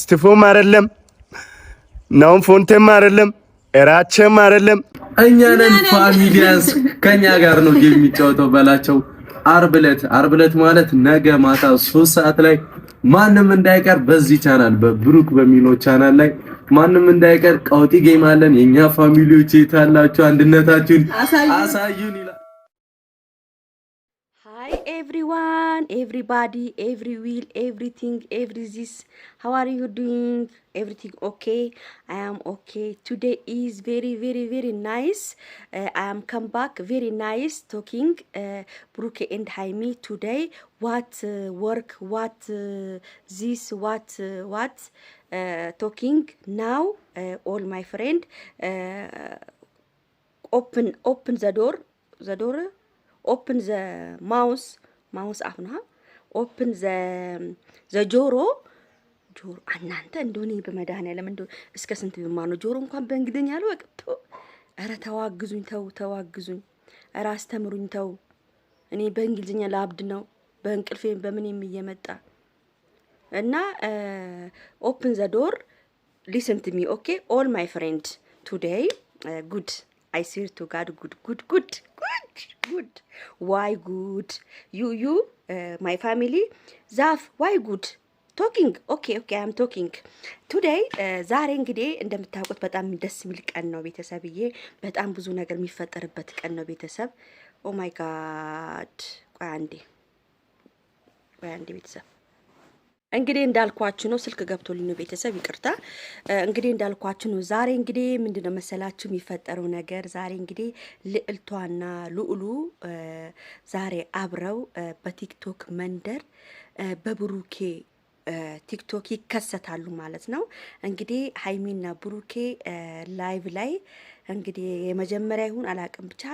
ስቲፎም አይደለም ናውን ፎንቴም አይደለም እራቸም አይደለም። እኛ ነን ፋሚሊያንስ ከኛ ጋር ነው ጌም የሚጫወተው በላቸው። አርብ ዕለት አርብ ዕለት ማለት ነገ ማታ ሶስት ሰዓት ላይ ማንም እንዳይቀር በዚህ ቻናል በብሩክ በሚለው ቻናል ላይ ማንም እንዳይቀር ቀውጢ ጌም አለን። የኛ ፋሚሊዎች የታላችሁ አንድነታችሁን አሳዩን ይላል። everyone everybody every wheel everything every this how are you doing everything okay i am okay today is very very very nice uh, i am come back very nice talking uh, brooke and Jaime today what uh, work what uh, this what uh, what uh, talking now uh, all my friend open open the door the door ኦፕን ዘ ማውስ ማውስ አፍና ኦፕን ዘ ዘ ጆሮ ጆሮ እናንተ እንደሆነ በመድኃኒዓለም እንደው እስከ ስንት ቢማር ነው ጆሮ እንኳን በእንግሊዝኛ ያለው ወቅቱ። ተዋግዙኝ፣ ተው ተዋግዙኝ፣ ኧረ አስተምሩኝ፣ ተው እኔ በእንግሊዝኛ ለአብድ ነው በእንቅልፌ በምንም እየመጣ እና ኦፕን ዘ ዶር ሊስን ቱ ሚ ኦኬ ኦል ማይ ፍሬንድ ቱዴይ ጉድ አይ ስዌር ቱ ጋድ ጉድ ጉድ ጉድ ጉድ ጉድ ዋይ ጉድ ዩ ዩ ማይ ፋሚሊ ዛፍ ዋይ ጉድ ቶኪንግ ኦኬ ኦኬ አም ቶኪንግ ቱዴይ ዛሬ እንግዲህ እንደምታውቁት በጣም ደስ የሚል ቀን ነው ቤተሰብዬ። በጣም ብዙ ነገር የሚፈጠርበት ቀን ነው ቤተሰብ። ኦ ማይ ጋድ ቆይ አንዴ ቆይ አንዴ ቤተሰብ እንግዲህ እንዳልኳችሁ ነው። ስልክ ገብቶልኝ ነው ቤተሰብ ይቅርታ። እንግዲህ እንዳልኳችሁ ነው። ዛሬ እንግዲህ ምንድነው መሰላችሁ የሚፈጠረው ነገር ዛሬ እንግዲህ ልዕልቷና ልዑሉ ዛሬ አብረው በቲክቶክ መንደር በብሩኬ ቲክቶክ ይከሰታሉ ማለት ነው። እንግዲህ ሀይሚና ብሩኬ ላይቭ ላይ እንግዲህ የመጀመሪያ ይሁን አላቅም ብቻ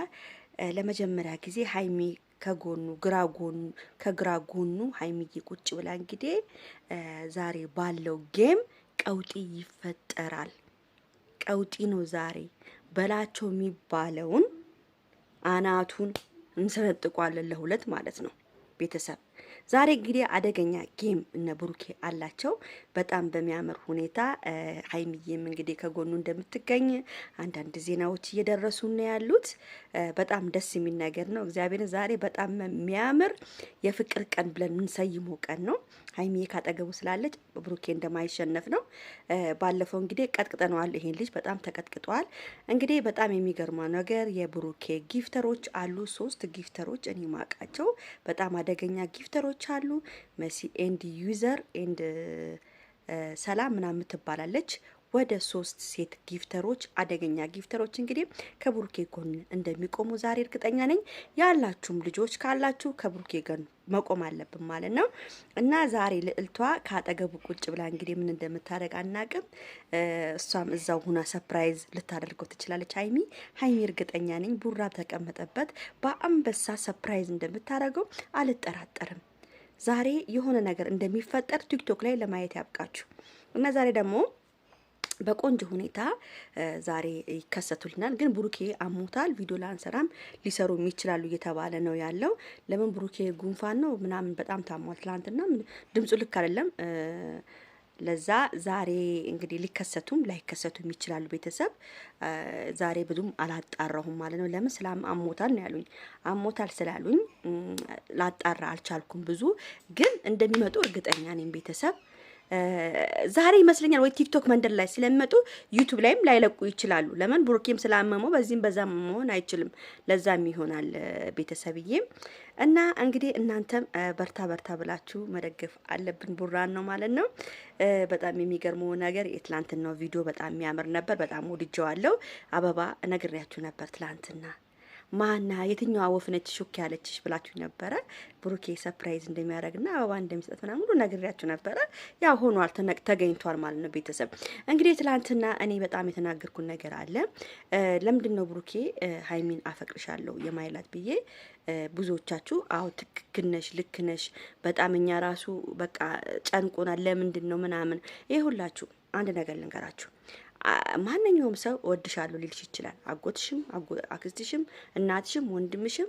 ለመጀመሪያ ጊዜ ሀይሚ ከጎኑ ግራ ጎኑ ከግራ ጎኑ ሀይሚዬ ቁጭ ብላ እንግዲህ ዛሬ ባለው ጌም ቀውጢ ይፈጠራል። ቀውጢ ነው ዛሬ በላቸው የሚባለውን አናቱን እንሰነጥቋለን ለሁለት ማለት ነው ቤተሰብ ዛሬ እንግዲህ አደገኛ ጌም እነ ብሩኬ አላቸው። በጣም በሚያምር ሁኔታ ሀይሚዬም እንግዲህ ከጎኑ እንደምትገኝ አንዳንድ ዜናዎች እየደረሱ ነው ያሉት። በጣም ደስ የሚል ነገር ነው። እግዚአብሔር ዛሬ በጣም የሚያምር የፍቅር ቀን ብለን የምንሰይመው ቀን ነው። ሀይሚዬ ካጠገቡ ስላለች ብሩኬ እንደማይሸነፍ ነው። ባለፈው እንግዲህ ቀጥቅጠነዋል። ይሄን ልጅ በጣም ተቀጥቅጠዋል። እንግዲህ በጣም የሚገርማ ነገር የብሩኬ ጊፍተሮች አሉ። ሶስት ጊፍተሮች እኔ ማቃቸው በጣም አደገኛ ጊፍተ ዩዘሮች አሉ። መሲ ኤንድ ዩዘር ኤንድ ሰላም ምናምን ትባላለች። ወደ ሶስት ሴት ጊፍተሮች አደገኛ ጊፍተሮች እንግዲህ ከብሩኬ ጎን እንደሚቆሙ ዛሬ እርግጠኛ ነኝ። ያላችሁም ልጆች ካላችሁ ከብሩኬ ጎን መቆም አለብን ማለት ነው እና ዛሬ ልዕልቷ ከአጠገቡ ቁጭ ብላ እንግዲህ ምን እንደምታደርግ አናቅም። እሷም እዛው ሁና ሰፕራይዝ ልታደርገው ትችላለች። ሀይሚ ሀይሚ እርግጠኛ ነኝ ቡራ ተቀመጠበት በአንበሳ ሰፕራይዝ እንደምታደርገው አልጠራጠርም። ዛሬ የሆነ ነገር እንደሚፈጠር ቲክቶክ ላይ ለማየት ያብቃችሁ እና ዛሬ ደግሞ በቆንጆ ሁኔታ ዛሬ ይከሰቱልናል። ግን ብሩኬ አሞታል፣ ቪዲዮ ላንሰራም ሊሰሩም ይችላሉ እየተባለ ነው ያለው። ለምን ብሩኬ ጉንፋን ነው ምናምን በጣም ታሟል። ትላንትና ድምፁ ልክ አይደለም ለዛ ዛሬ እንግዲህ ሊከሰቱም ላይከሰቱም ይችላሉ። ቤተሰብ ዛሬ ብዙም አላጣራሁም ማለት ነው። ለምን ስለ አሞታል ነው ያሉኝ። አሞታል ስላሉኝ ላጣራ አልቻልኩም። ብዙ ግን እንደሚመጡ እርግጠኛ ነኝ ቤተሰብ ዛሬ ይመስለኛል ወይ ቲክቶክ መንደር ላይ ስለሚመጡ ዩቱብ ላይም ላይለቁ ይችላሉ። ለምን ብሩኬም ስላመመው በዚህም በዛ መሆን አይችልም። ለዛም ይሆናል ቤተሰብዬ እና እንግዲህ እናንተም በርታ በርታ ብላችሁ መደገፍ አለብን። ቡራን ነው ማለት ነው። በጣም የሚገርመው ነገር የትላንትናው ቪዲዮ በጣም የሚያምር ነበር። በጣም ወድጀዋለሁ። አበባ ነግሬያችሁ ነበር ትላንትና ማና የትኛዋ ወፍ ነች ሹክ ያለችሽ ብላችሁ ነበረ። ብሩኬ ሰፕራይዝ እንደሚያደርግና አበባ እንደሚሰጥ ምናምን ሁሉ ነግሬያችሁ ነበረ። ያ ሆኗል፣ ተገኝቷል ማለት ነው። ቤተሰብ እንግዲህ ትላንትና እኔ በጣም የተናገርኩን ነገር አለ። ለምንድን ነው ብሩኬ ሀይሚን አፈቅርሻለሁ የማይላት ብዬ ብዙዎቻችሁ አዎ ትክክነሽ ልክነሽ በጣም እኛ ራሱ በቃ ጨንቆናል፣ ለምንድን ነው ምናምን ይህ ሁላችሁ አንድ ነገር ልንገራችሁ። ማንኛውም ሰው እወድሻለሁ ሊልሽ ይችላል። አጎትሽም፣ አክስትሽም፣ እናትሽም፣ ወንድምሽም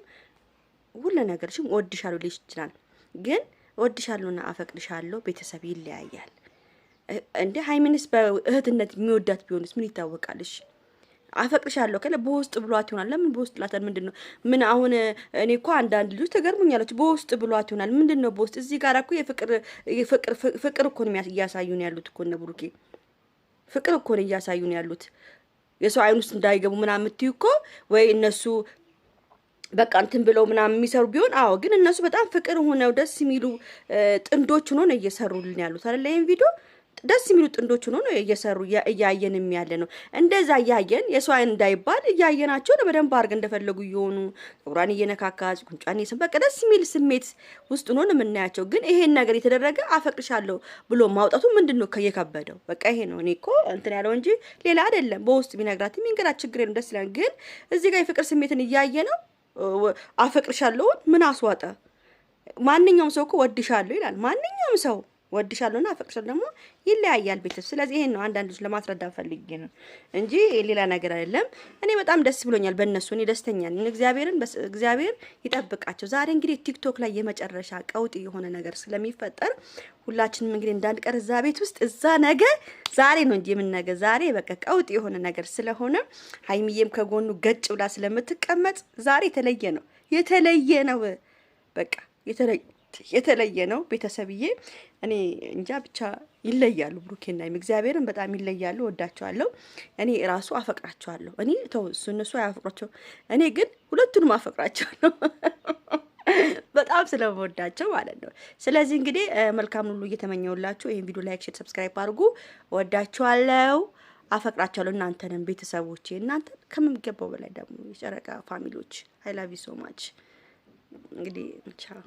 ሁሉ ነገርሽም እወድሻለሁ ሊልሽ ይችላል። ግን እወድሻለሁና አፈቅድሻለሁ ቤተሰብ ይለያያል። እንደ ሀይሚንስ በእህትነት የሚወዳት ቢሆንስ ምን ይታወቃልሽ? አፈቅርሻለሁ ከለ በውስጥ ብሏት ይሆናል። ለምን በውስጥ ላታል? ምንድን ነው ምን አሁን እኔ እኮ አንዳንድ ልጆች ተገርሙኛለች። በውስጥ ብሏት ይሆናል። ምንድን ነው በውስጥ? እዚህ ጋር እኮ የፍቅር ፍቅር እኮ ነው እያሳዩን ያሉት እኮ እነ ብሩኬ ፍቅር እኮ ነው ያሉት። የሰው አይን ውስጥ እንዳይገቡ ምናምን የምትዩ እኮ ወይ እነሱ በቃ እንትን ብለው ምናምን የሚሰሩ ቢሆን አዎ፣ ግን እነሱ በጣም ፍቅር ሆነው ደስ የሚሉ ጥንዶች ሆኖ ነው እየሰሩልን ያሉት አይደለ? ይህን ቪዲዮ ደስ የሚሉ ጥንዶች ሆኖ ነው እየሰሩ እያየን የሚያለ ነው። እንደዛ እያየን የሰው አይን እንዳይባል እያየናቸው ነው። በደንብ አድርገን እንደፈለጉ እየሆኑ ጸጉሯን እየነካካ ጉንጫን ስም በቃ ደስ የሚል ስሜት ውስጥ ነው የምናያቸው። ግን ይሄን ነገር የተደረገ አፈቅርሻለሁ ብሎ ማውጣቱ ምንድን ነው ከየከበደው? በቃ ይሄ ነው። እኔ እኮ እንትን ያለው እንጂ ሌላ አይደለም። በውስጥ ቢነግራት የሚንገራት ችግር የለም፣ ደስ ይላል። ግን እዚህ ጋር የፍቅር ስሜትን እያየ ነው አፈቅርሻለሁን ምን አስዋጠ? ማንኛውም ሰው እኮ ወድሻለሁ ይላል። ማንኛውም ሰው ወድሻለሁና አፈቅርሻለሁ ደግሞ ይለያያል ቤተሰብ። ስለዚህ ይሄን ነው አንዳንድ ለማስረዳት ፈልጌ ነው እንጂ ሌላ ነገር አይደለም። እኔ በጣም ደስ ብሎኛል በእነሱ እኔ ደስተኛ ነኝ። እግዚአብሔርን እግዚአብሔር ይጠብቃቸው። ዛሬ እንግዲህ ቲክቶክ ላይ የመጨረሻ ቀውጥ የሆነ ነገር ስለሚፈጠር ሁላችንም እንግዲህ እንዳንቀር እዛ ቤት ውስጥ እዛ ነገ ዛሬ ነው እንጂ የምንነገር ዛሬ በቃ ቀውጥ የሆነ ነገር ስለሆነ ሀይሚዬም ከጎኑ ገጭ ብላ ስለምትቀመጥ ዛሬ የተለየ ነው የተለየ ነው በቃ የተለየ የተለየ ነው። ቤተሰብዬ እኔ እንጃ ብቻ ይለያሉ። ብሩኬና እግዚአብሔርን በጣም ይለያሉ። ወዳቸዋለሁ። እኔ እራሱ አፈቅራቸዋለሁ። እኔ ተው እሱ እነሱ አያፈቅሯቸው፣ እኔ ግን ሁለቱንም አፈቅራቸዋለሁ። በጣም ስለምወዳቸው ማለት ነው። ስለዚህ እንግዲህ መልካም ሁሉ እየተመኘውላችሁ ይህን ቪዲዮ ላይክ፣ ሼር፣ ሰብስክራይብ አድርጉ። ወዳችኋለሁ፣ አፈቅራችኋለሁ። እናንተንም ቤተሰቦቼ፣ እናንተ ከምንገባው በላይ ደግሞ የጨረቃ ፋሚሊዎች አይላቪ ሶማች እንግዲህ ቻው።